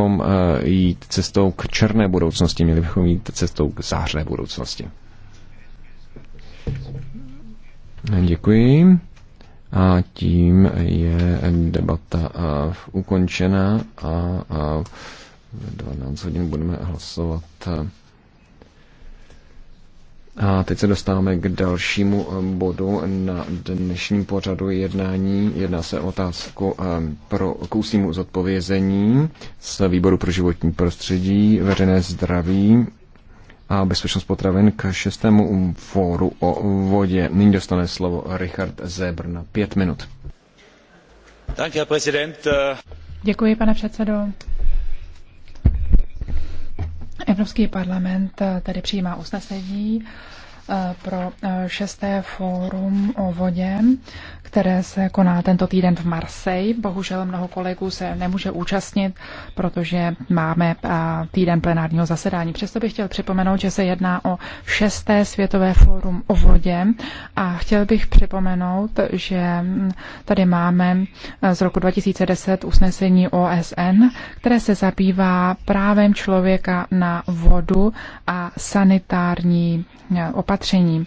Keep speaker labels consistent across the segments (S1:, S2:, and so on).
S1: bychom eh, jít cestou k černé budoucnosti, měli bychom jít cestou k zářné budoucnosti. Děkuji. A tím je debata eh, ukončena a 12 eh, hodin budeme hlasovat a teď se dostáváme k dalšímu eh, bodu na dnešním pořadu jednání. Jedná se o otázku eh, pro k ústnímu zodpovězení z Výboru pro životní prostředí, veřejné zdraví a bezpečnost potravin k šestému fóru o vodě. Nyní dostane slovo Richard Zebr na pět minut.
S2: Děkuji, pane předsedo. Evropský parlament eh, tady přijímá usnesení Eh, pro eh, šesté fórum o vodě, které se koná tento týden v Marseille. Bohužel mnoho kolegů se nemůže účastnit, protože máme eh, týden plenárního zasedání. Přesto bych chtěl připomenout, že se jedná o šesté světové fórum o vodě a chtěl bych připomenout, že hm, tady máme z roku 2010 usnesení OSN, které se zabývá právem člověka na vodu a sanitární opatření opatření.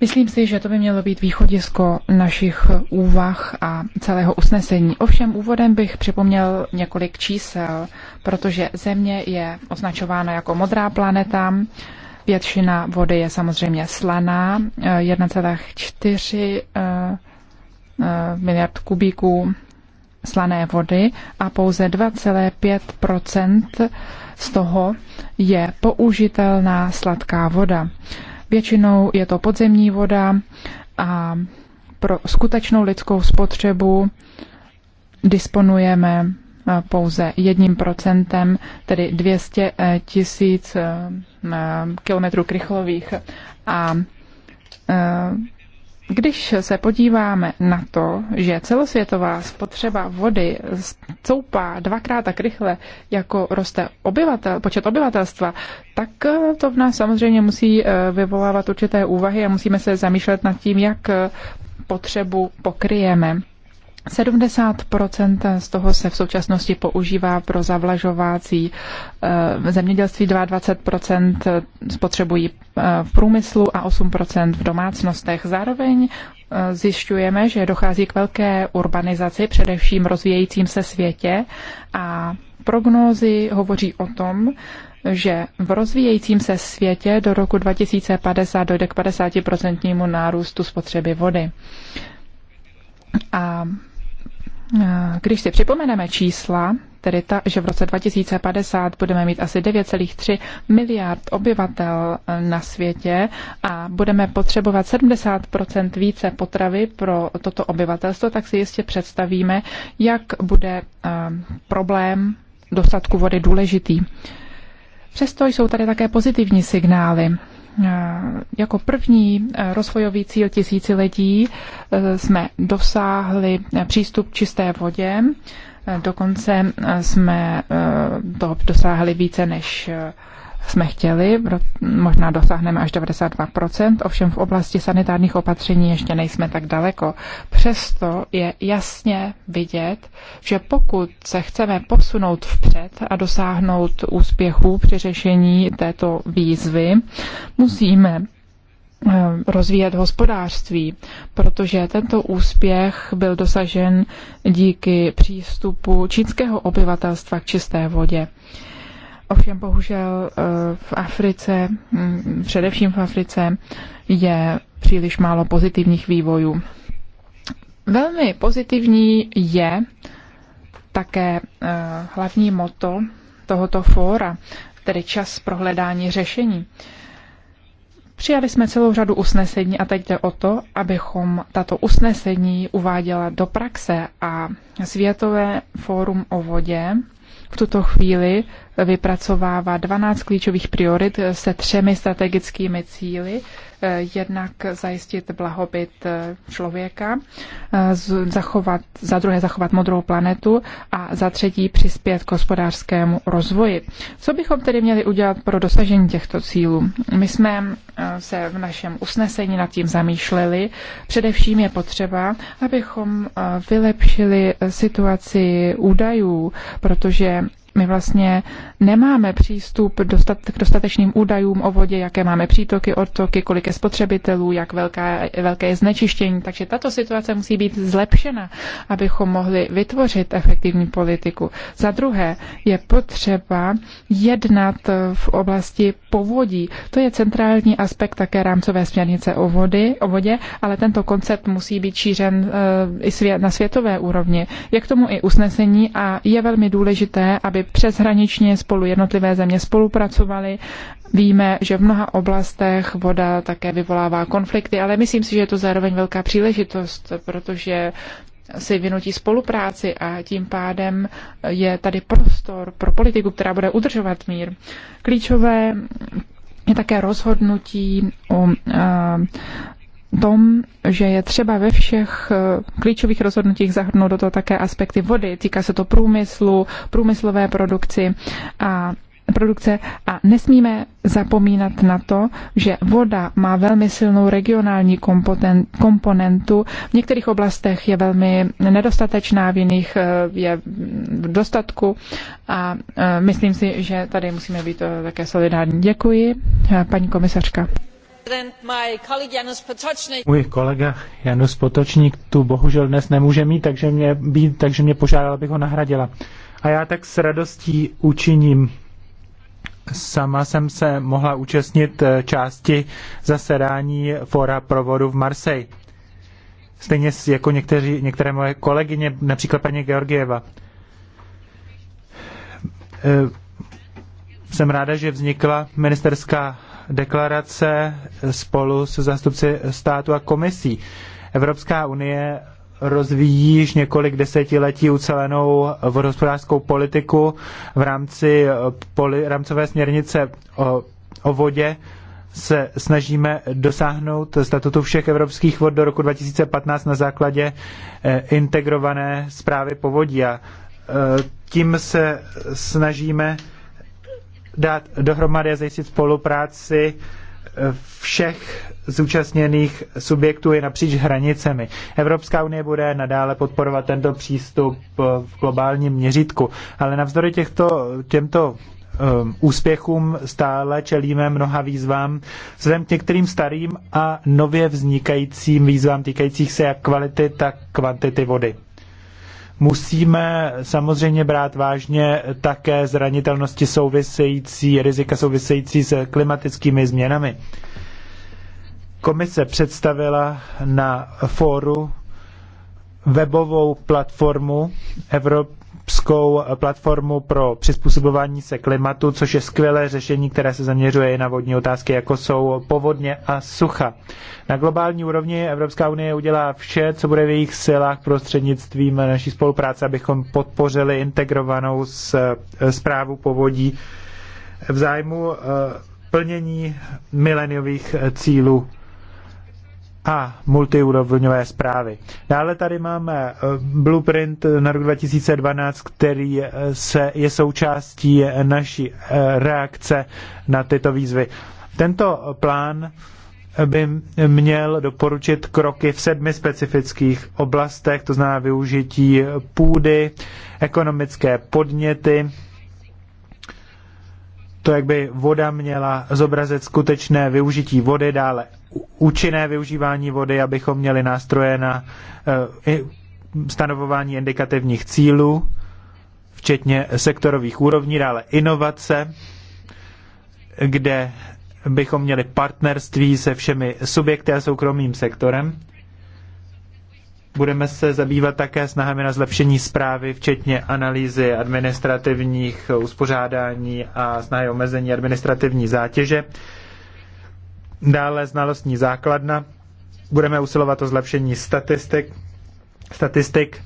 S2: Myslím si, že to by mělo být východisko našich úvah a celého usnesení. Ovšem úvodem bych připomněl několik čísel, protože Země je označována jako modrá planeta, většina vody je samozřejmě slaná, 1,4 eh, eh, eh, miliard kubíků slané vody a pouze 2,5 z toho je použitelná sladká voda. Většinou je to podzemní voda a pro skutečnou lidskou spotřebu disponujeme eh, pouze jedním procentem, tedy 200 eh, tisíc eh, kilometrů krychlových. A když se podíváme na to, že celosvětová spotřeba vody stoupá dvakrát tak rychle, jako roste obyvatel, počet obyvatelstva, tak to v nás samozřejmě musí eh, vyvolávat určité úvahy a musíme se zamýšlet nad tím, jak potřebu pokryjeme. 70 z toho se v současnosti používá pro zavlažovací eh, zemědělství, 22 spotřebují eh, v průmyslu a 8 v domácnostech. Zároveň eh, zjišťujeme, že dochází k velké urbanizaci, především rozvíjejícím se světě a prognózy hovoří o tom, že v rozvíjejícím se světě do roku 2050 dojde k 50% nárůstu spotřeby vody. A Eh, když si připomeneme čísla, tedy ta, že v roce 2050 budeme mít asi 9,3 miliard obyvatel eh, na světě a budeme potřebovat 70 více potravy pro toto obyvatelstvo, tak si jistě představíme, jak bude eh, problém dostatku vody důležitý. Přesto jsou tady také pozitivní signály. Eh, jako první eh, rozvojový cíl tisíciletí eh, jsme dosáhli přístup k čisté vodě. Dokonce jsme to dosáhli více než jsme chtěli, možná dosáhneme až 92%, ovšem v oblasti sanitárních opatření ještě nejsme tak daleko. Přesto je jasně vidět, že pokud se chceme posunout vpřed a dosáhnout úspěchů při řešení této výzvy, musíme eh, rozvíjet hospodářství, protože tento úspěch byl dosažen díky přístupu čínského obyvatelstva k čisté vodě. Ovšem bohužel eh, v Africe, mm, především v Africe, je příliš málo pozitivních vývojů. Velmi pozitivní je také eh, hlavní moto tohoto fóra, tedy čas pro hledání řešení. Přijali jsme celou řadu usnesení a teď jde o to, abychom tato usnesení uváděla do praxe a Světové fórum o vodě v tuto chvíli vypracovává 12 klíčových priorit se třemi strategickými cíly. Eh, jednak zajistit blahobyt eh, člověka, eh, zachovat, za druhé zachovat modrou planetu a za třetí přispět k hospodářskému rozvoji. Co bychom tedy měli udělat pro dosažení těchto cílů? My jsme se v našem usnesení nad tím zamýšleli. Především je potřeba, abychom vylepšili situaci údajů, protože my vlastně nemáme přístup dostat, k dostatečným údajům o vodě, jaké máme přítoky, odtoky, kolik je spotřebitelů, jak velká, velké je znečištění. Takže tato situace musí být zlepšena, abychom mohli vytvořit efektivní politiku. Za druhé je potřeba jednat v oblasti povodí. To je centrální aspekt také rámcové směrnice o, vody, o vodě, ale tento koncept musí být šířen eh, i na světové úrovni. Je k tomu i usnesení a je velmi důležité, aby přeshraničně spolu jednotlivé země spolupracovaly. Víme, že v mnoha oblastech voda také vyvolává konflikty, ale myslím si, že je to zároveň velká příležitost, protože si vynutí spolupráci a tím pádem je tady prostor pro politiku, která bude udržovat mír. Klíčové je také rozhodnutí o tom, že je třeba ve všech eh, klíčových rozhodnutích zahrnout do toho také aspekty vody. Týká se to průmyslu, průmyslové produkci a produkce a nesmíme zapomínat na to, že voda má velmi silnou regionální komponentu. V některých oblastech je velmi nedostatečná, v jiných eh, je v dostatku a eh, myslím si, že tady musíme být také solidární. Děkuji, paní komisařka.
S3: Můj kolega Janus Potočník tu bohužel dnes nemůže mít, takže mě, být, takže mě požádal, abych ho nahradila. A já tak s radostí učiním. Sama jsem se mohla účastnit eh, části zasedání Fora provodu v Marseille. Stejně jako někteří, některé moje kolegyně, například paní Georgieva. Eh, jsem ráda, že vznikla ministerská deklarace spolu se zástupci státu a komisí. Evropská unie rozvíjí již několik desetiletí ucelenou vodohospodářskou politiku v rámci poli, rámcové směrnice o, o vodě se snažíme dosáhnout statutu všech evropských vod do roku 2015 na základě eh, integrované zprávy povodí a eh, tím se snažíme dát dohromady a zajistit spolupráci eh, všech zúčastněných subjektů je napříč hranicemi. Evropská unie bude nadále podporovat tento přístup eh, v globálním měřítku, ale navzdory těchto, těmto um, úspěchům stále čelíme mnoha výzvám vzhledem k některým starým a nově vznikajícím výzvám týkajících se jak kvality, tak kvantity vody musíme samozřejmě brát vážně také zranitelnosti související, rizika související s klimatickými změnami. Komise představila na fóru webovou platformu Evropa Evropskou platformu pro přizpůsobování se klimatu, což je skvělé řešení, které se zaměřuje i na vodní otázky, jako jsou povodně a sucha. Na globální úrovni Evropská unie udělá vše, co bude v jejich silách prostřednictvím naší spolupráce, abychom podpořili integrovanou zprávu eh, povodí v zájmu eh, plnění mileniových cílů a multiúrovňové zprávy. Dále tady máme eh, blueprint na rok 2012, který eh, se je součástí eh, naší reakce na tyto výzvy. Tento plán by měl doporučit kroky v sedmi specifických oblastech, to znamená využití půdy, ekonomické podněty, to, jak by voda měla zobrazit skutečné využití vody, dále účinné využívání vody, abychom měli nástroje na eh, stanovování indikativních cílů, včetně sektorových úrovní, dále inovace, kde bychom měli partnerství se všemi subjekty a soukromým sektorem. Budeme se zabývat také snahami na zlepšení zprávy, včetně analýzy administrativních uspořádání a snahy omezení administrativní zátěže. Dále znalostní základna. Budeme usilovat o zlepšení statistik, statistik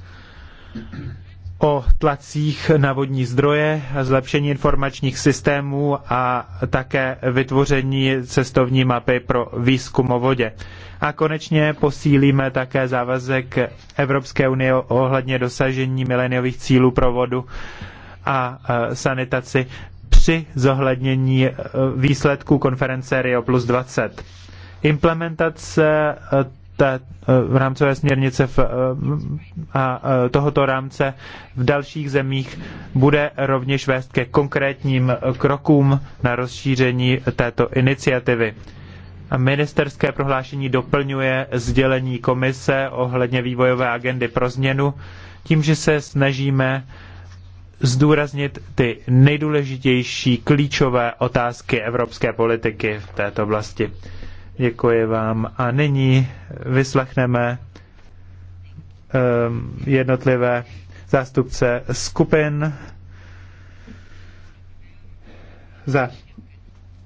S3: o tlacích na vodní zdroje, zlepšení informačních systémů a také vytvoření cestovní mapy pro výzkum o vodě. A konečně posílíme také závazek Evropské unie ohledně dosažení mileniových cílů pro vodu a e, sanitaci při zohlednění eh, výsledků konference Rio plus 20. Implementace eh, té eh, rámcové směrnice v, a tohoto rámce v dalších zemích bude rovněž vést ke konkrétním krokům na rozšíření této iniciativy. Ministerské prohlášení doplňuje sdělení komise ohledně vývojové agendy pro změnu tím, že se snažíme zdůraznit ty nejdůležitější klíčové otázky evropské politiky v této oblasti. Děkuji vám. A nyní vyslechneme um, jednotlivé zástupce skupin za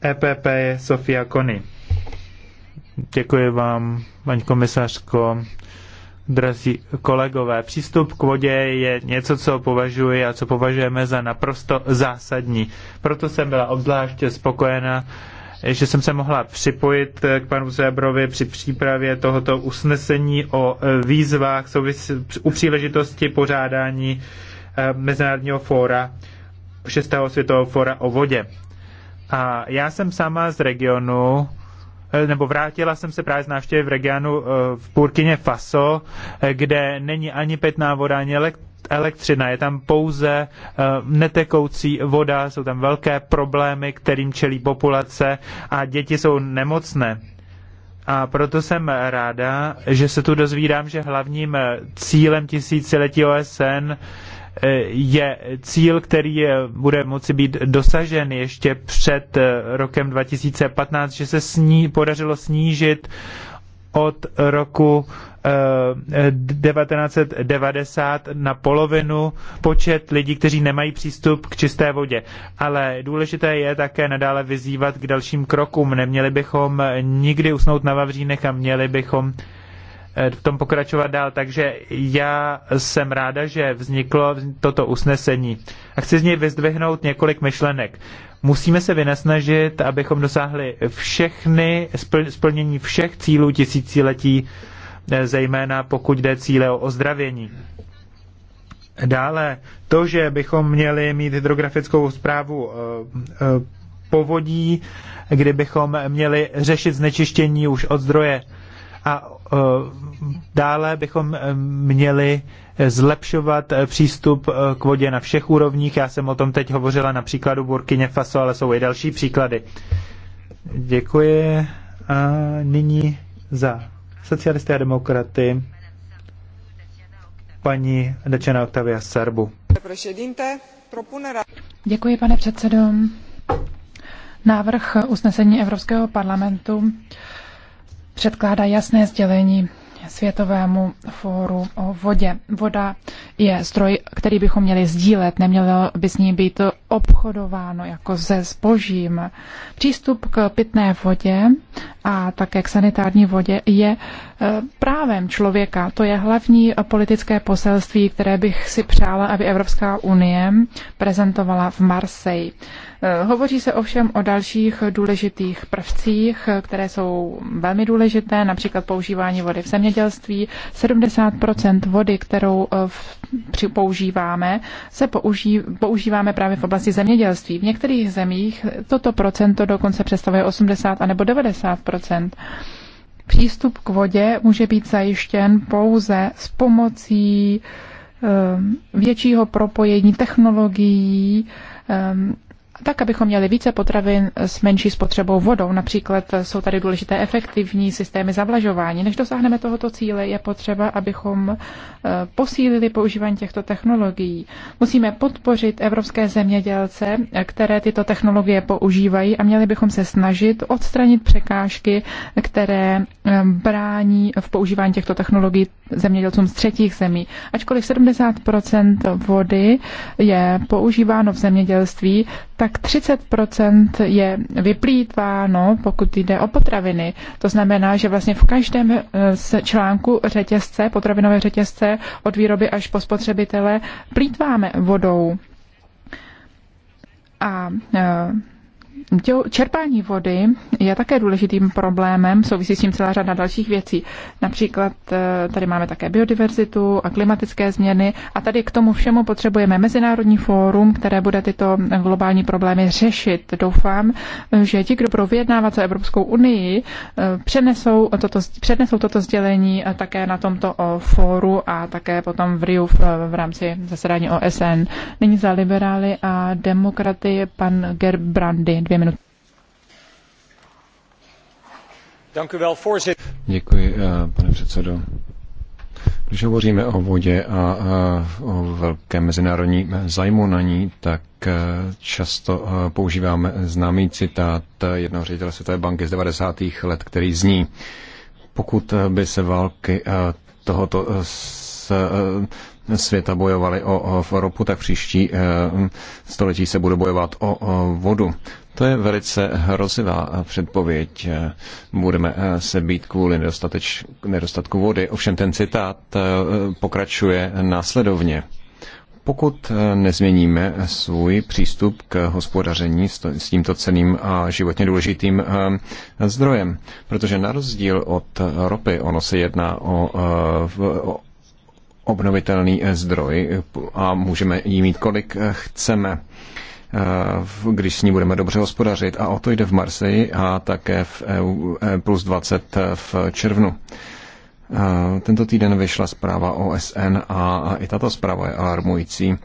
S3: EPP Sofia Kony. Děkuji vám, paní komisařko drazí kolegové, přístup k vodě je něco, co považuji a co považujeme za naprosto zásadní. Proto jsem byla obzvláště spokojena, že jsem se mohla připojit k panu Zebrovi při přípravě tohoto usnesení o výzvách u příležitosti pořádání eh, Mezinárodního fóra, 6. světového fóra o vodě. A já jsem sama z regionu, Eh, nebo vrátila jsem se právě z návštěvy v regionu eh, v Purkině Faso, eh, kde není ani pitná voda, ani elektřina, je tam pouze netekoucí voda, jsou tam velké problémy, kterým čelí populace a děti jsou nemocné. A proto jsem ráda, že se tu dozvídám, že hlavním cílem tisíciletí OSN je cíl, který bude moci být dosažen ještě před eh, rokem 2015, že se sní, podařilo snížit od roku 1990 eh, na polovinu počet lidí, kteří nemají přístup k čisté vodě. Ale důležité je také nadále vyzývat k dalším krokům. Neměli bychom nikdy usnout na Vavřínech a měli bychom Eh, v tom pokračovat dál. Takže já jsem ráda, že vzniklo toto usnesení a chci z něj vyzdvihnout několik myšlenek. Musíme se vynasnažit, abychom dosáhli všechny, splnění všech cílů tisíciletí, eh, zejména pokud jde cíle o ozdravění. Dále to, že bychom měli mít hydrografickou zprávu eh, povodí, kdybychom měli řešit znečištění už od zdroje a Eh, dále bychom eh, měli eh, zlepšovat přístup k vodě na všech úrovních. Já jsem o tom teď hovořila na příkladu Burkině Faso, ale jsou i další příklady. Děkuji. A nyní za socialisty a demokraty paní Dečena Octavia Serbu.
S2: Děkuji, pane předsedo. Návrh usnesení Evropského parlamentu předkládá jasné sdělení Světovému fóru o vodě. Voda je stroj, který bychom měli sdílet, nemělo by s ní být obchodováno jako se zbožím. Přístup k pitné vodě a také k sanitární vodě je eh, právem člověka. To je hlavní politické poselství, které bych si přála, aby Evropská unie prezentovala v Marseille. Eh, hovoří se ovšem o dalších důležitých prvcích, eh, které jsou velmi důležité, například používání vody v zemědělství. 70 vody, kterou eh, používáme, se používáme právě v oblasti zemědělství. V některých zemích toto procento dokonce představuje 80 anebo 90 Přístup k vodě může být zajištěn pouze s pomocí většího propojení technologií tak, abychom měli více potravin s menší spotřebou vodou. Například jsou tady důležité efektivní systémy zavlažování. Než dosáhneme tohoto cíle, je potřeba, abychom eh, posílili používání těchto technologií. Musíme podpořit evropské zemědělce, eh, které tyto technologie používají a měli bychom se snažit odstranit překážky, které eh, brání v používání těchto technologií zemědělcům z třetích zemí. Ačkoliv 70 vody je používáno v zemědělství, tak tak 30% je vyplýtváno, pokud jde o potraviny. To znamená, že vlastně v každém eh, článku řetězce, potravinové řetězce, od výroby až po spotřebitele, plýtváme vodou. A eh, Čerpání vody je také důležitým problémem, souvisí s tím celá řada dalších věcí. Například eh, tady máme také biodiverzitu a klimatické změny a tady k tomu všemu potřebujeme mezinárodní fórum, které bude tyto globální problémy řešit. Doufám, že ti, kdo budou vyjednávat za Evropskou unii, eh, přenesou toto, přenesou toto sdělení eh, také na tomto fóru a také potom v Riu v, v rámci zasedání OSN. Nyní za liberály a demokraty pan Gerbrandy dvě minuty.
S1: Děkuji, eh, pane předsedo. Když hovoříme o vodě a o velkém mezinárodním zájmu na ní, tak eh, často eh, používáme známý citát jednoho ředitele Světové banky z 90. let, který zní, pokud by se války tohoto světa bojovaly o, ropu, tak příští století se bude bojovat o vodu. To je velice hrozivá předpověď. Budeme se být kvůli nedostateč, nedostatku vody. Ovšem ten citát eh, pokračuje následovně. Pokud eh, nezměníme svůj přístup k hospodaření s tímto ceným a životně důležitým eh, zdrojem, protože na rozdíl od ropy, ono se jedná o, o obnovitelný zdroj a můžeme jí mít kolik chceme. Eh, když s ní budeme dobře hospodařit. A o to jde v Marseji a také v EU eh, plus 20 eh, v červnu. Tento týden vyšla zpráva OSN a i tato zpráva je alarmující,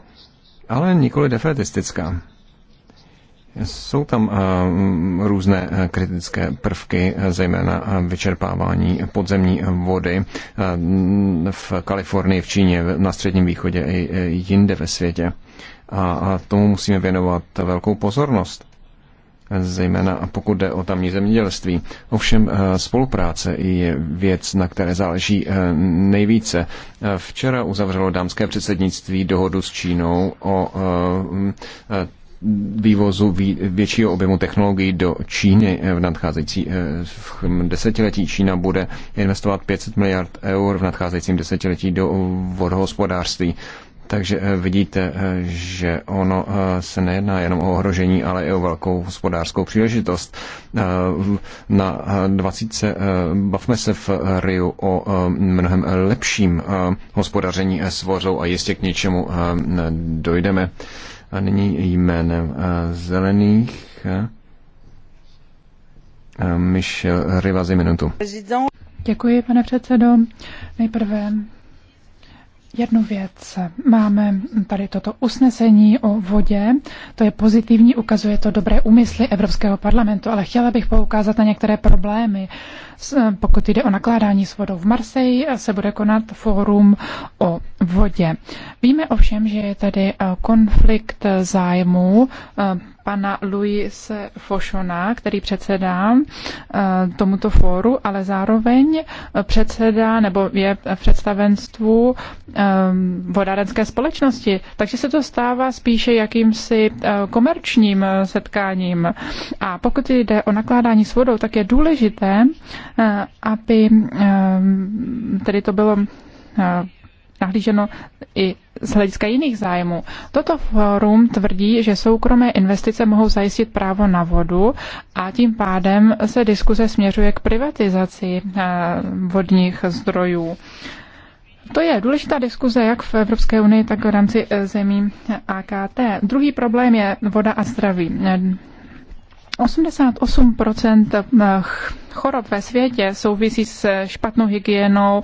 S1: ale nikoli defetistická. Jsou tam různé kritické prvky, zejména vyčerpávání podzemní vody v Kalifornii, v Číně, na Středním východě i jinde ve světě a tomu musíme věnovat velkou pozornost zejména pokud jde o tamní zemědělství. Ovšem eh, spolupráce je věc, na které záleží eh, nejvíce. Eh, včera uzavřelo dámské předsednictví dohodu s Čínou o vývozu většího objemu technologií do Číny v nadcházející v desetiletí. Čína bude investovat 500 miliard eur v nadcházejícím desetiletí do vodohospodářství. Takže eh, vidíte, eh, že ono eh, se nejedná jenom o ohrožení, ale i o velkou hospodářskou příležitost. Na 20. bavme se v Riu o mnohem lepším hospodaření s vořou a jistě k něčemu dojdeme. A nyní jménem zelených Michel Rivazi minutu.
S2: Děkuji, pane předsedo. Nejprve jednu věc. Máme tady toto usnesení o vodě. To je pozitivní, ukazuje to dobré úmysly Evropského parlamentu, ale chtěla bych poukázat na některé problémy Eh, pokud jde o nakládání s vodou v Marseji, eh, se bude konat fórum o vodě. Víme ovšem, že je tady eh, konflikt zájmů pana Luise Fošona, který předsedá tomuto fóru, ale zároveň předsedá nebo je v představenstvu vodárenské společnosti. Takže se to stává spíše jakýmsi komerčním setkáním. A pokud jde o nakládání s vodou, tak je důležité, Eh, aby ehm, tedy to bylo eh, nahlíženo i z hlediska jiných zájmů. Toto fórum tvrdí, že soukromé investice mohou zajistit právo na vodu a tím pádem se diskuze směřuje k privatizaci eh, vodních zdrojů. To je důležitá diskuze jak v Evropské unii, tak v rámci zemí AKT. Druhý problém je voda a zdraví. 88 chorob ve světě souvisí s špatnou hygienou,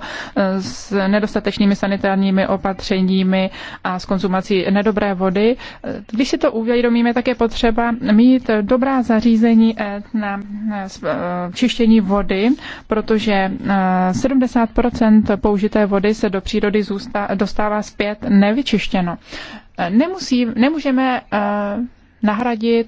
S2: s nedostatečnými sanitárními opatřeními a s konzumací nedobré vody. Když si to uvědomíme, tak je potřeba mít dobrá zařízení eh, na eh, čištění vody, protože 70 eh, použité vody se do přírody dostává zpět nevyčištěno. Nemusí, nemůžeme nahradit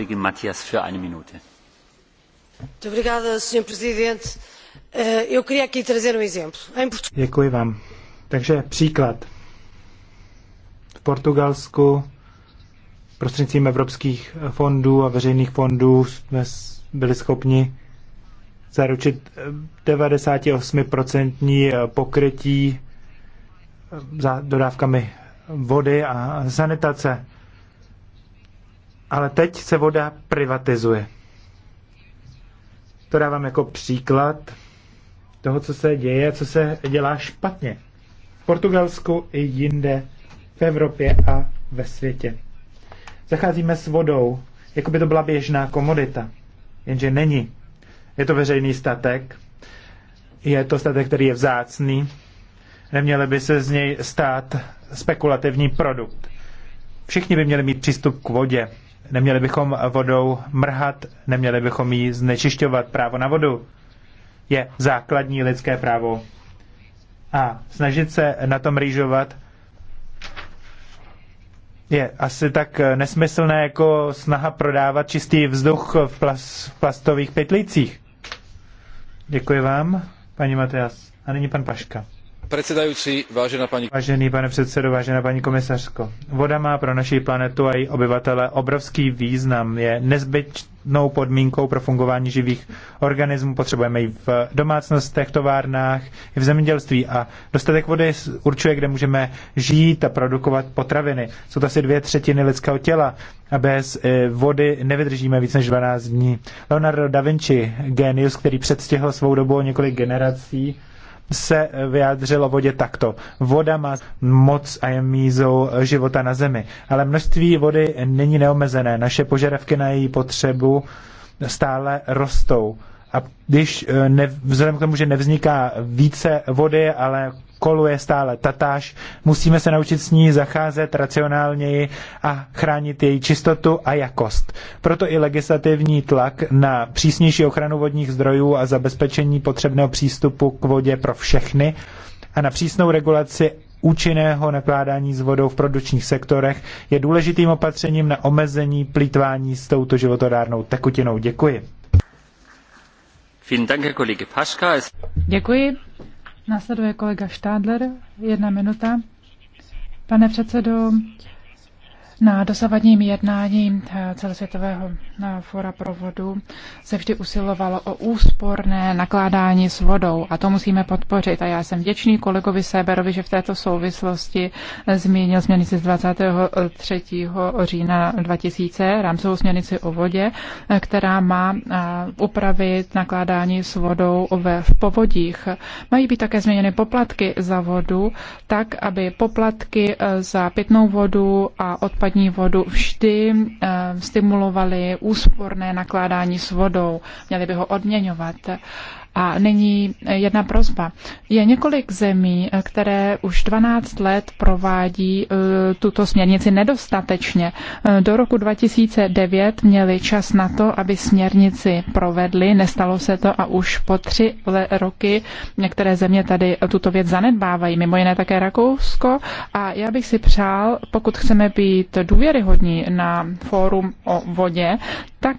S4: Eh, um
S3: Děkuji vám. Takže příklad. V Portugalsku prostřednictvím evropských fondů a veřejných fondů jsme byli schopni zaručit 98% eh, eh, pokrytí za dodávkami vody a sanitace ale teď se voda privatizuje. To dávám jako příklad toho, co se děje, co se dělá špatně. V Portugalsku i jinde, v Evropě a ve světě. Zacházíme s vodou, jako by to byla běžná komodita. Jenže není. Je to veřejný statek, je to statek, který je vzácný, neměl by se z něj stát spekulativní produkt. Všichni by měli mít přístup k vodě. Neměli bychom vodou mrhat, neměli bychom ji znečišťovat. Právo na vodu je základní lidské právo. A snažit se na tom rýžovat je asi tak nesmyslné jako snaha prodávat čistý vzduch v, plas, v plastových pytlících. Děkuji vám, paní Mateas. A nyní pan Paška. Vážený pane předsedo, vážená paní komisařko, voda má pro naši planetu a její obyvatele obrovský význam. Je nezbytnou podmínkou pro fungování živých organismů. Potřebujeme ji v domácnostech, továrnách, i v zemědělství. A dostatek vody určuje, kde můžeme žít a produkovat potraviny. Jsou to asi dvě třetiny lidského těla a bez e, vody nevydržíme víc než 12 dní. Leonardo da Vinci, genius, který předstihl svou dobu o několik generací, se vyjádřilo vodě takto. Voda má moc a je mízou života na zemi, ale množství vody není neomezené. Naše požadavky na její potřebu stále rostou. A když eh, ne, vzhledem k tomu, že nevzniká více vody, ale koluje stále tatáž. Musíme se naučit s ní zacházet racionálněji a chránit její čistotu a jakost. Proto i legislativní tlak na přísnější ochranu vodních zdrojů a zabezpečení potřebného přístupu k vodě pro všechny a na přísnou regulaci účinného nakládání s vodou v produkčních sektorech je důležitým opatřením na omezení plítvání s touto životodárnou tekutinou. Děkuji.
S2: Děkuji Následuje kolega Štádler, jedna minuta. Pane předsedo, na dosavadním jednání eh, celosvětového eh, fora pro vodu se vždy usilovalo o úsporné nakládání s vodou a to musíme podpořit. A já jsem vděčný kolegovi Seberovi, že v této souvislosti eh, zmínil směrnici z 23. října 2000, rámcovou směrnici o vodě, která má upravit nakládání s vodou ve v povodích. Mají být také změněny poplatky za vodu, tak aby poplatky za pitnou vodu a odpad odpadní vodu vždy eh, stimulovali úsporné nakládání s vodou, měli by ho odměňovat. A nyní jedna prozba. Je několik zemí, které už 12 let provádí e, tuto směrnici nedostatečně. E, do roku 2009 měli čas na to, aby směrnici provedli. Nestalo se to a už po tři roky některé země tady tuto věc zanedbávají, mimo jiné také Rakousko. A já bych si přál, pokud chceme být důvěryhodní na fórum o vodě, tak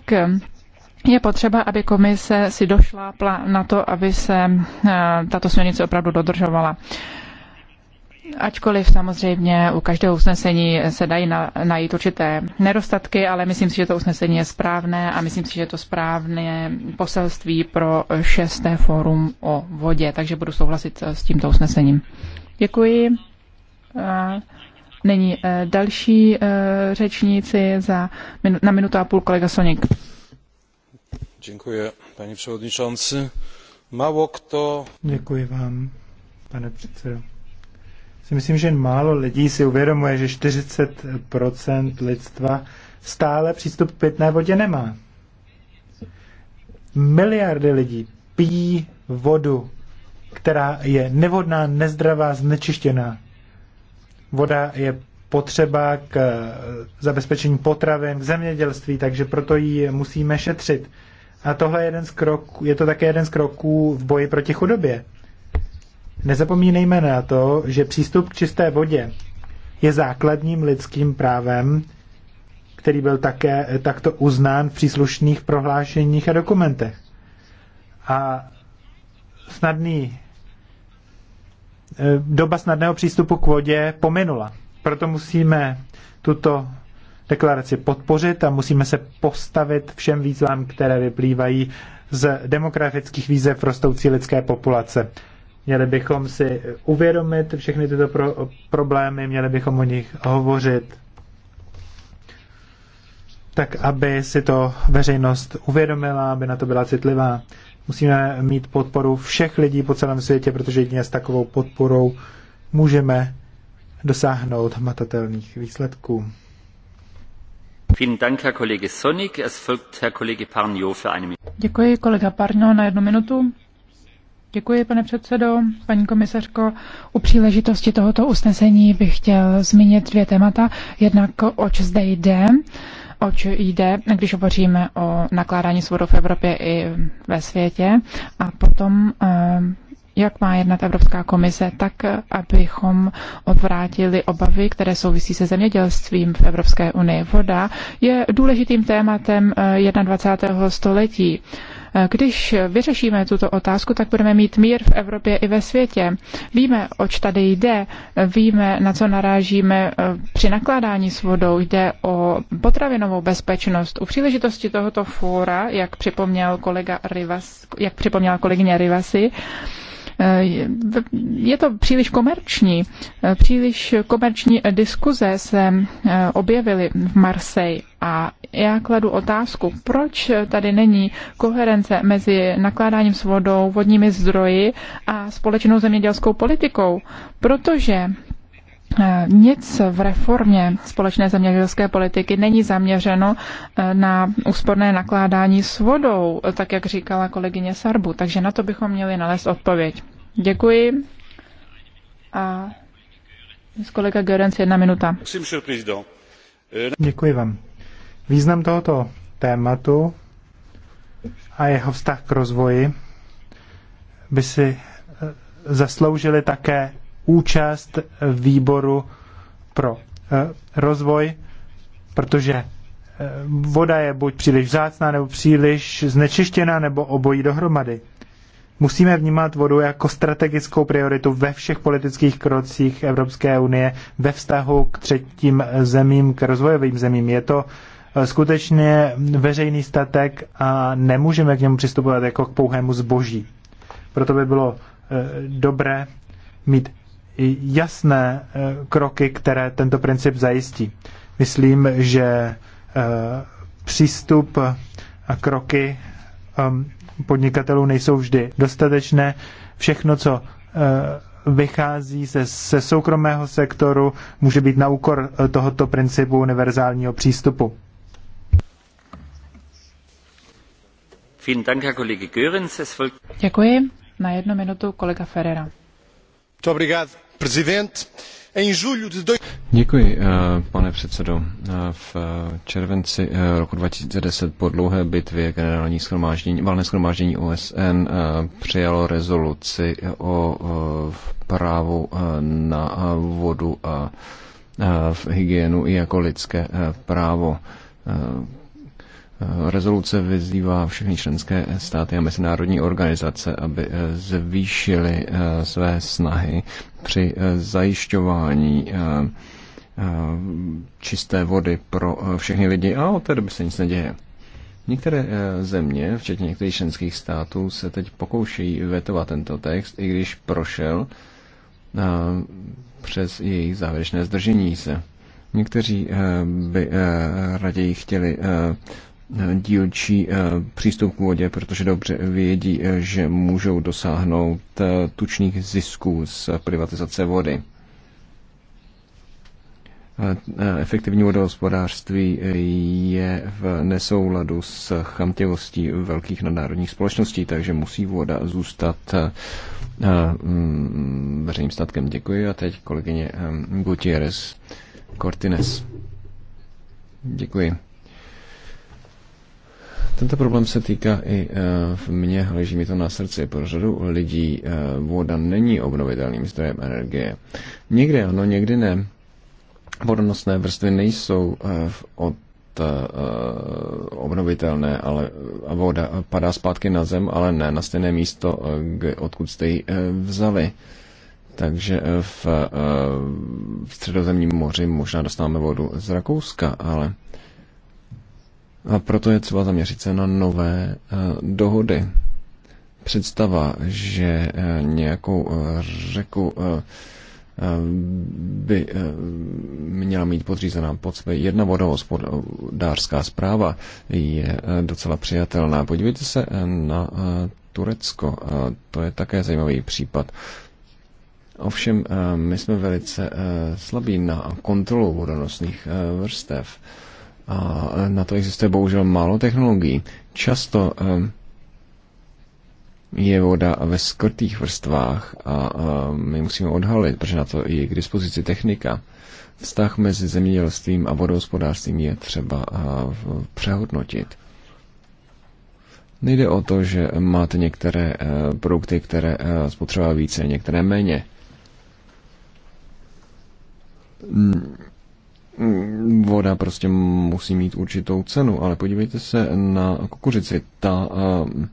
S2: je potřeba, aby komise si došlápla na to, aby se eh, tato směrnice opravdu dodržovala. Ačkoliv samozřejmě u každého usnesení se dají na, najít určité nedostatky, ale myslím si, že to usnesení je správné a myslím si, že je to správné poselství pro šesté fórum o vodě, takže budu souhlasit eh, s tímto usnesením. Děkuji. Nyní eh, další řečníci za, na minutu a půl kolega Sonik.
S1: Děkuji, paní předsedající.
S3: Málo kdo... Děkuji vám, pane předsedo. Si myslím, že málo lidí si uvědomuje, že 40% lidstva stále přístup k pitné vodě nemá. Miliardy lidí pijí vodu, která je nevodná, nezdravá, znečištěná. Voda je potřeba k zabezpečení potravin, k zemědělství, takže proto ji musíme šetřit. A tohle je, jeden z kroků, je to také jeden z kroků v boji proti chudobě. Nezapomínejme na to, že přístup k čisté vodě je základním lidským právem, který byl také eh, takto uznán v příslušných prohlášeních a dokumentech. A snadný, eh, doba snadného přístupu k vodě pominula. Proto musíme tuto deklaraci podpořit a musíme se postavit všem výzvám, které vyplývají z demografických výzev rostoucí lidské populace. Měli bychom si uvědomit všechny tyto pro- problémy, měli bychom o nich hovořit, tak aby si to veřejnost uvědomila, aby na to byla citlivá. Musíme mít podporu všech lidí po celém světě, protože jedině s takovou podporou můžeme dosáhnout hmatatelných výsledků. Děkuji, kolega na jednu
S2: minutu. Děkuji, pane předsedo. Paní komisařko, u příležitosti tohoto usnesení bych chtěl zmínit dvě témata. Jednak, oč zde jde, oč jde, když hovoříme o nakládání s vodou v Evropě i ve světě. A potom eh, jak má jednat Evropská komise, tak abychom odvrátili obavy, které souvisí se zemědělstvím v Evropské unii. Voda je důležitým tématem 21. Eh, století. Eh, když vyřešíme tuto otázku, tak budeme mít mír v Evropě i ve světě. Víme, oč tady jde, víme, na co narážíme eh, při nakládání s vodou. Jde o potravinovou bezpečnost. U příležitosti tohoto fóra, jak připomněl kolega Rivas, jak připomněla kolegyně Rivasi, Eh, je to příliš komerční. Eh, příliš komerční diskuze se eh, objevily v Marseille a já kladu otázku, proč tady není koherence mezi nakládáním s vodou, vodními zdroji a společnou zemědělskou politikou. Protože nic v reformě společné zemědělské politiky není zaměřeno na úsporné nakládání s vodou, tak jak říkala kolegyně Sarbu, takže na to bychom měli nalézt odpověď. Děkuji. A kolega Görens, jedna
S3: minuta. Děkuji vám. Význam tohoto tématu a jeho vztah k rozvoji by si eh, zasloužili také účast výboru pro eh, rozvoj, protože eh, voda je buď příliš vzácná, nebo příliš znečištěná, nebo obojí dohromady. Musíme vnímat vodu jako strategickou prioritu ve všech politických krocích Evropské unie ve vztahu k třetím zemím, k rozvojovým zemím. Je to eh, skutečně veřejný statek a nemůžeme k němu přistupovat jako k pouhému zboží. Proto by bylo eh, dobré mít jasné eh, kroky, které tento princip zajistí. Myslím, že přístup a kroky ehm, podnikatelů nejsou vždy dostatečné. Všechno, co eh, vychází ze, ze soukromého sektoru, může být na úkor eh, tohoto principu univerzálního přístupu.
S2: Děkuji. Na jednu minutu kolega Ferrera.
S3: Dobrý den, prezident.
S1: Děkuji, eh, pane předsedo. Eh, v eh, červenci roku 2010 po dlouhé bitvě generální schromáždění, valné schromáždění OSN přijalo rezoluci o právu na vodu a v hygienu i jako lidské právo Rezoluce vyzývá všechny členské státy a mezinárodní organizace, aby eh, zvýšily eh, své snahy při eh, zajišťování čisté vody pro všechny lidi a od té doby se nic neděje. Některé země, včetně některých členských států, se teď pokoušejí vetovat tento text, i když prošel přes jejich závěrečné zdržení se. Někteří by raději chtěli dílčí eh, přístup k vodě, protože dobře vědí, eh, že můžou dosáhnout eh, tučných zisků z privatizace vody. Efektivní vodohospodářství je v nesouladu s chamtivostí velkých nadnárodních společností, takže musí voda zůstat mm, veřejným statkem. Děkuji a teď kolegyně Gutierrez Cortines. Děkuji. Tento problém se týká i eh, v mě, leží mi to na srdci. Pro řadu lidí eh, voda není obnovitelným zdrojem energie. Někde ano, někdy ne. Vodonosné vrstvy nejsou eh, od obnovitelné, ale voda padá zpátky na zem, ale ne na stejné místo, odkud jste ji vzali. Takže v, v středozemním moři možná dostáváme vodu z Rakouska, ale uh, a proto je třeba zaměřit se na nové eh, dohody. Představa, že eh, nějakou eh, řeku by měla mít podřízená pod sebe jedna vodohospodářská zpráva, je docela přijatelná. Podívejte se na Turecko. To je také zajímavý případ. Ovšem, my jsme velice slabí na kontrolu vodonosných vrstev. A e, na to existuje bohužel málo technologií. Často e, je voda ve skrtých vrstvách a e, my musíme odhalit, protože na to je k dispozici technika. Vztah mezi zemědělstvím a vodohospodářstvím je třeba přehodnotit. Nejde o to, že máte některé produkty, které spotřebují více, některé méně voda prostě musí mít určitou cenu, ale podívejte se na kukuřici. Ta eh,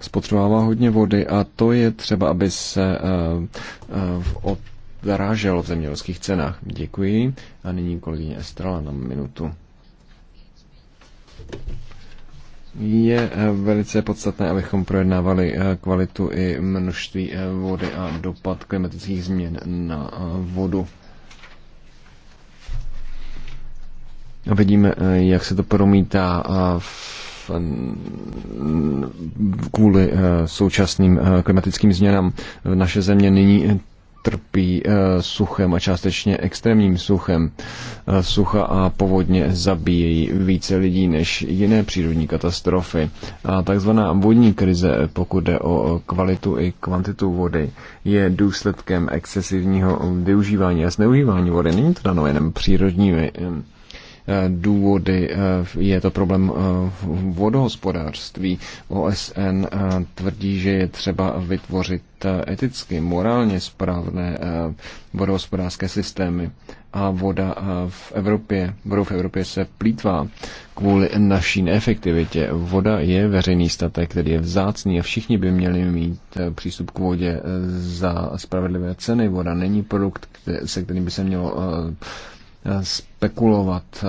S1: spotřebává hodně vody a to je třeba, aby se eh, eh, odráželo v zemědělských cenách. Děkuji. A nyní kolegyně Estrala na minutu. Je velice podstatné, abychom projednávali kvalitu i množství vody a dopad klimatických změn na vodu. Vidíme, eh, jak se to promítá eh, v, kvůli eh, současným klimatickým změnám. Naše země nyní trpí suchem a částečně extrémním suchem. Sucha a povodně zabíjejí více lidí než jiné přírodní katastrofy. A takzvaná vodní krize, pokud jde o kvalitu i kvantitu vody, je důsledkem excesivního využívání a zneužívání vody. Není to dano jenom přírodními důvody. Eh, je to problém eh, vodohospodářství. OSN eh, tvrdí, že je třeba vytvořit eticky, morálně správné vodohospodářské systémy. A voda v Evropě, vodou v Evropě se plítvá kvůli naší neefektivitě. Voda je veřejný statek, který je vzácný a všichni by měli mít přístup k vodě za spravedlivé ceny. Voda není produkt, se kterým by se mělo spekulovat.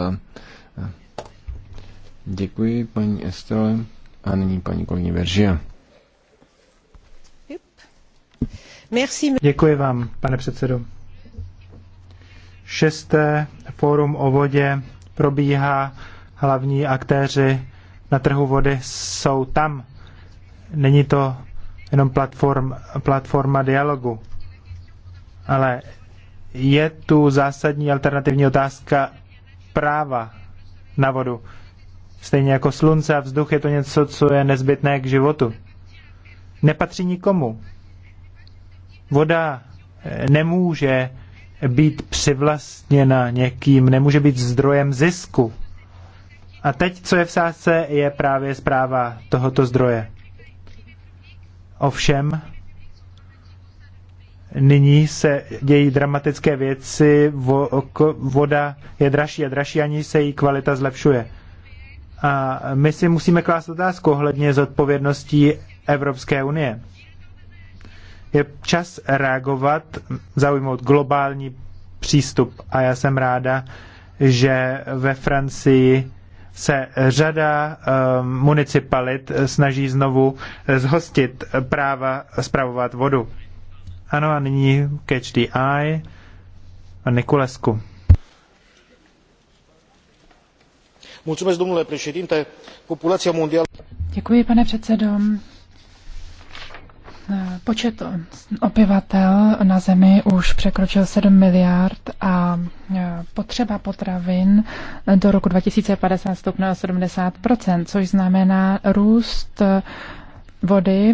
S1: Děkuji paní Estrole a nyní paní kolegyně Veržia.
S3: Děkuji vám, pane předsedo. Šesté fórum o vodě probíhá. Hlavní aktéři na trhu vody jsou tam. Není to jenom platform, platforma dialogu, ale je tu zásadní alternativní otázka práva na vodu. Stejně jako slunce a vzduch je to něco, co je nezbytné k životu. Nepatří nikomu. Voda eh, nemůže být přivlastněna někým, nemůže být zdrojem zisku. A teď, co je v sázce, je právě zpráva tohoto zdroje. Ovšem, nyní se dějí dramatické věci, voda je dražší a dražší, ani se její kvalita zlepšuje. A my si musíme klást otázku ohledně zodpovědností Evropské unie. Je čas reagovat, zaujmout globální přístup a já jsem ráda, že ve Francii se řada ehm, municipalit snaží znovu zhostit práva spravovat vodu. Ano a nyní Catch the Eye a Nikulescu. Mulțumesc, domnule
S4: președinte. Populația mondială...
S2: Děkuji, pane předsedo. Počet obyvatel na Zemi už překročil 7 miliard a potřeba potravin do roku 2050 stoupne o 70 což znamená růst vody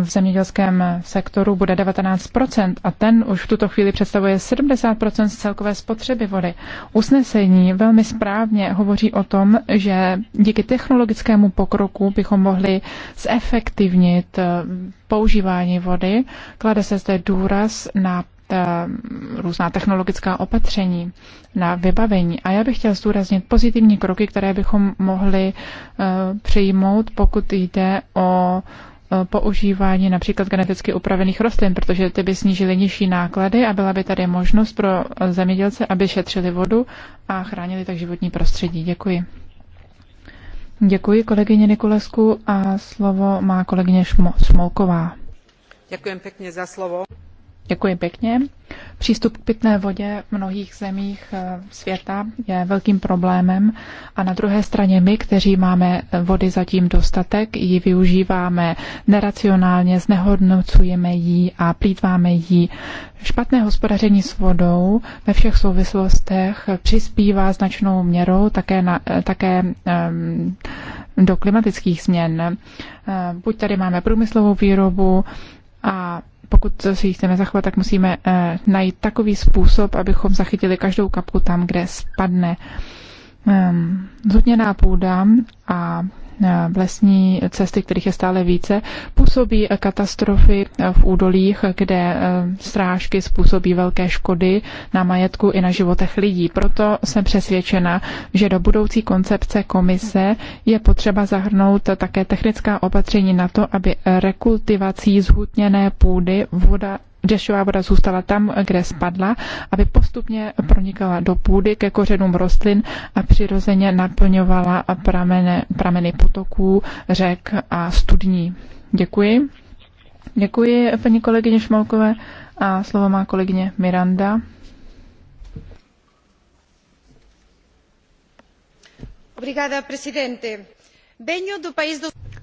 S2: v zemědělském sektoru bude 19% a ten už v tuto chvíli představuje 70% z celkové spotřeby vody. Usnesení velmi správně hovoří o tom, že díky technologickému pokroku bychom mohli zefektivnit eh, používání vody. Klade se zde důraz na eh, různá technologická opatření na vybavení. A já bych chtěl zdůraznit pozitivní kroky, které bychom mohli eh, přijmout, pokud jde o uh, Eh, používání například geneticky upravených rostlin, protože ty by snížily nižší náklady a byla by tady možnost pro zemědělce, aby šetřili vodu a chránili tak životní prostředí. Děkuji. Děkuji kolegyně Nikolesku a slovo má kolegyně Šmolková. Děkuji pěkně za slovo. Děkuji pěkně. Přístup k pitné vodě v mnohých zemích eh, světa je velkým problémem a na druhé straně my, kteří máme vody zatím dostatek, ji využíváme neracionálně, znehodnocujeme ji a plítváme ji. Špatné hospodaření s vodou ve všech souvislostech přispívá značnou měrou také, na, eh, také ehm, do klimatických změn. Eh, buď tady máme průmyslovou výrobu, a pokud si ji chceme zachovat, tak musíme eh, najít takový způsob, abychom zachytili každou kapku tam, kde spadne. Ehm, Zutněná půda a lesní cesty, kterých je stále více, působí katastrofy v údolích, kde eh, strážky způsobí velké škody na majetku i na životech lidí. Proto jsem přesvědčena, že do budoucí koncepce komise je potřeba zahrnout také technická opatření na to, aby rekultivací zhutněné půdy voda dešová voda zůstala tam, kde spadla, aby postupně pronikala do půdy ke kořenům rostlin a přirozeně naplňovala pramene, prameny potoků, řek a studní. Děkuji. Děkuji paní kolegyně Šmolkové a slovo má kolegyně Miranda. Obrigada, presidente.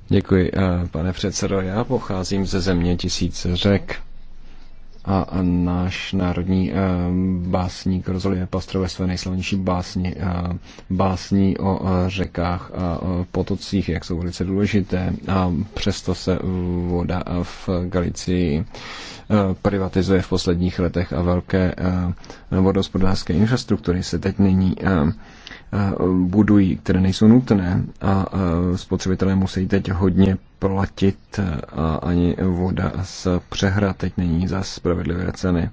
S1: Děkuji, eh, pane předsedo. Já pocházím ze země tisíc řek a náš národní eh, básník Rozolie Pastro ve své nejslavnější básni, eh, básní o eh, řekách a potocích, jak jsou velice důležité a přesto se voda v Galicii privatizuje v posledních letech a velké vodospodářské infrastruktury se teď nyní budují, které nejsou nutné a spotřebitelé musí teď hodně platit a eh, ani voda z přehra teď není za spravedlivé ceny.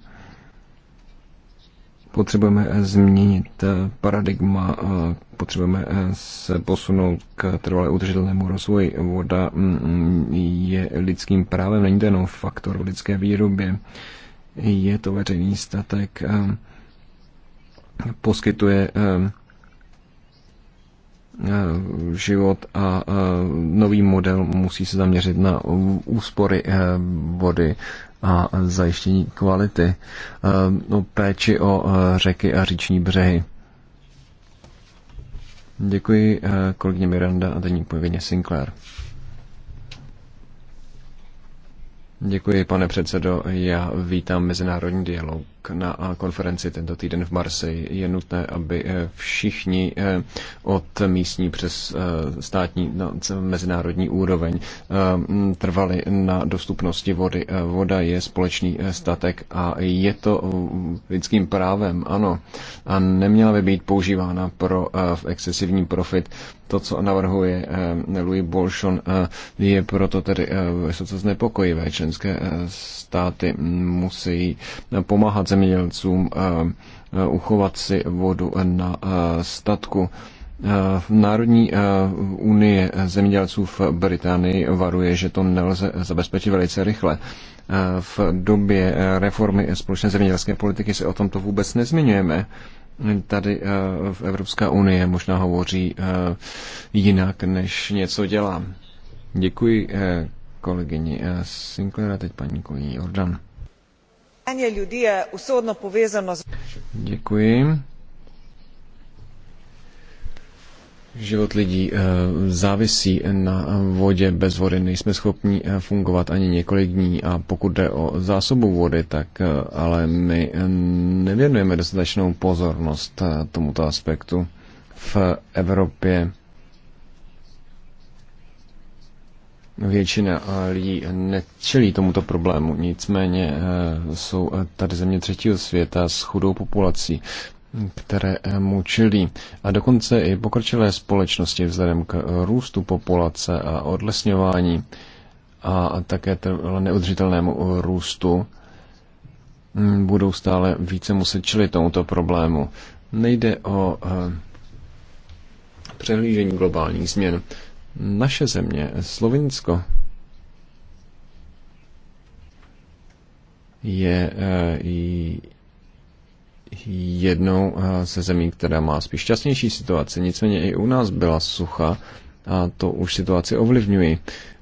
S1: Potřebujeme změnit eh, paradigma, eh, potřebujeme se posunout k trvale udržitelnému rozvoji. Voda mm, mm, je lidským právem, není to jenom faktor v lidské výrobě. Je to veřejný statek, poskytuje Eh, život a eh, nový model musí se zaměřit na úspory eh, vody a zajištění kvality, o péči o řeky a říční břehy. Děkuji kolegyně Miranda a denní povědně Sinclair. Děkuji, pane předsedo. Já vítám mezinárodní dialog na eh, konferenci tento týden v Marseji. Je nutné, aby eh, všichni eh, od místní přes státní na no, mezinárodní úroveň trvali na dostupnosti vody. Voda je společný statek a je to lidským právem, ano. A neměla by být používána pro excesivní profit. To, co navrhuje Louis Bolšon, je proto tedy vysoce znepokojivé. Členské státy musí pomáhat zemědělcům eh, eh, uchovat si vodu na eh, statku. Národní unie zemědělců v Británii varuje, že to nelze zabezpečit velice rychle. V době reformy společné zemědělské politiky se o tomto vůbec nezmiňujeme. Tady v Evropská unie možná hovoří jinak, než něco dělá. Děkuji kolegyni Sinclair a teď paní kolegyni Jordan je usodno Děkuji. Život lidí eh, závisí na vodě. Bez vody nejsme schopni eh, fungovat ani několik dní a pokud jde o zásobu vody, tak eh, ale my nevěnujeme dostatečnou pozornost tomuto aspektu v Evropě Většina eh, lidí nečelí tomuto problému, nicméně eh, jsou eh, tady země třetího světa s chudou populací, které mu čelí. A dokonce i pokročilé společnosti vzhledem k růstu populace a odlesňování a také neudržitelnému růstu mm, budou stále více muset čelit tomuto problému. Nejde o přehlížení globálních změn. Naše země, Slovinsko, je eh, jednou eh, ze zemí, která má spíš šťastnější situaci. Nicméně i u nás byla sucha a to už situaci ovlivňují.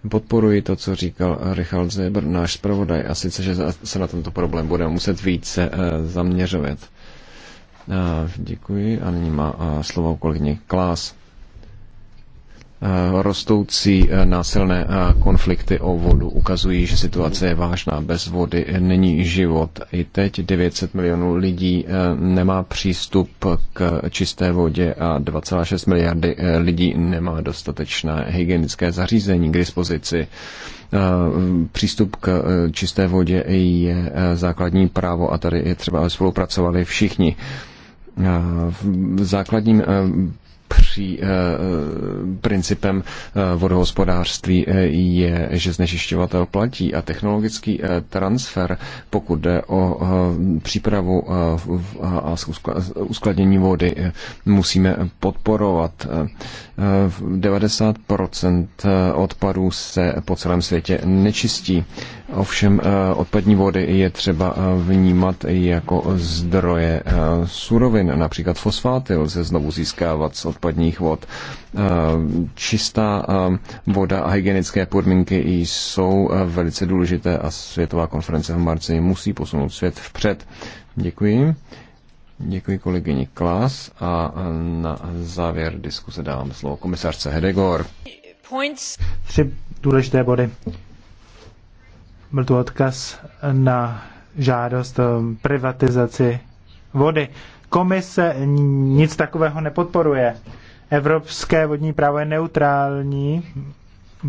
S1: Podporuji to, co říkal Richard Zebr, náš zpravodaj, a sice, že se na tento problém budeme muset více eh, zaměřovat. Děkuji a nyní má slovo kolegyně Klás. Eh, rostoucí eh, násilné eh, konflikty o vodu ukazují, že situace je vážná. Bez vody není život. I teď 900 milionů lidí nemá přístup k čisté vodě a 2,6 miliardy lidí nemá dostatečné hygienické zařízení k dispozici. Přístup k čisté vodě je základní právo a tady je třeba spolupracovali všichni. Základním tří eh, principem eh, vodohospodářství eh, je, že znečišťovatel platí a technologický transfer, pokud jde o přípravu a uskladnění vody, musíme podporovat. 90% odpadů se po celém světě nečistí. Ovšem odpadní vody je třeba vnímat jako zdroje surovin, například fosfáty lze znovu získávat z odpadní odpadních vod. Eh, čistá eh, voda a hygienické podmínky jsou eh, velice důležité a Světová konference v marci musí posunout svět vpřed. Děkuji. Děkuji kolegyni Klas a na závěr diskuse dávám slovo komisařce Hedegor.
S3: Tři důležité body. Byl tu odkaz na žádost privatizaci vody. Komise nic takového nepodporuje. Evropské vodní právo je neutrální,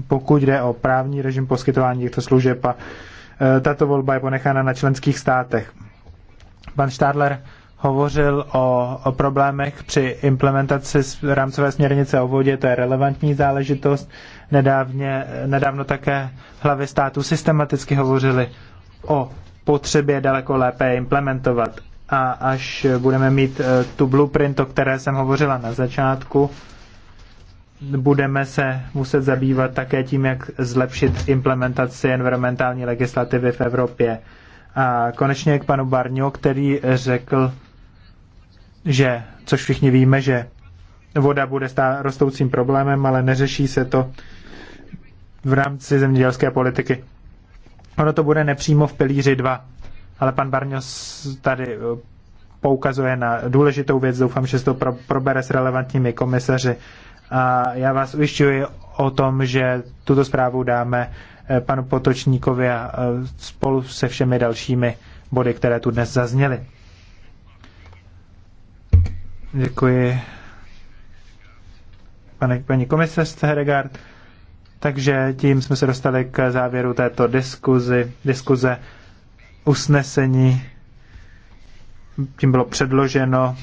S3: pokud jde o právní režim poskytování těchto služeb a e, tato volba je ponechána na členských státech. Pan Stadler hovořil o, o problémech při implementaci rámcové směrnice o vodě, to je relevantní záležitost. Nedávně, nedávno také hlavy států systematicky hovořili o potřebě daleko lépe implementovat a až budeme mít eh, tu blueprint, o které jsem hovořila na začátku, budeme se muset zabývat také tím, jak zlepšit implementaci environmentální legislativy v Evropě. A konečně k panu Barňo, který řekl, že, což všichni víme, že voda bude stát rostoucím problémem, ale neřeší se to v rámci zemědělské politiky. Ono to bude nepřímo v pilíři 2 ale pan Barňos tady eh, poukazuje na důležitou věc, doufám, že se to pro, probere s relevantními komisaři. A já vás ujišťuji o tom, že tuto zprávu dáme eh, panu Potočníkovi a eh, spolu se všemi dalšími body, které tu dnes zazněly. Děkuji. Pane, paní komisař Heregard. Takže tím jsme se dostali k závěru této diskuzi, diskuze usnesení tím bylo předloženo